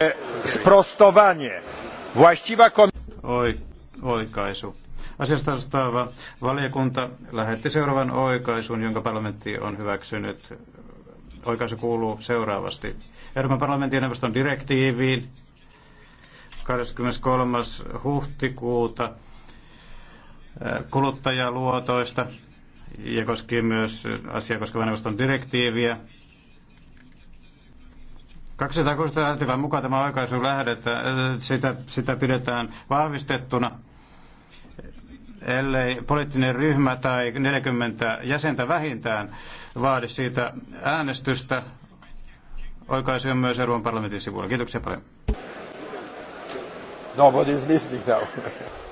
E, sprostowanie. Właściwa kom... Oi, oikaisu. Asiasta vastaava valiokunta lähetti seuraavan oikaisun, jonka parlamentti on hyväksynyt. Oikaisu kuuluu seuraavasti. Euroopan parlamentin ja neuvoston direktiiviin 23. huhtikuuta e, kuluttajaluotoista ja koskee myös asiaa koskevan neuvoston direktiiviä 260 artiklan mukaan tämä oikaisu lähdettä, äh, sitä, sitä pidetään vahvistettuna, ellei poliittinen ryhmä tai 40 jäsentä vähintään vaadi siitä äänestystä. Oikaisu on myös Euroopan parlamentin sivuilla. Kiitoksia paljon. Nobody's listening now.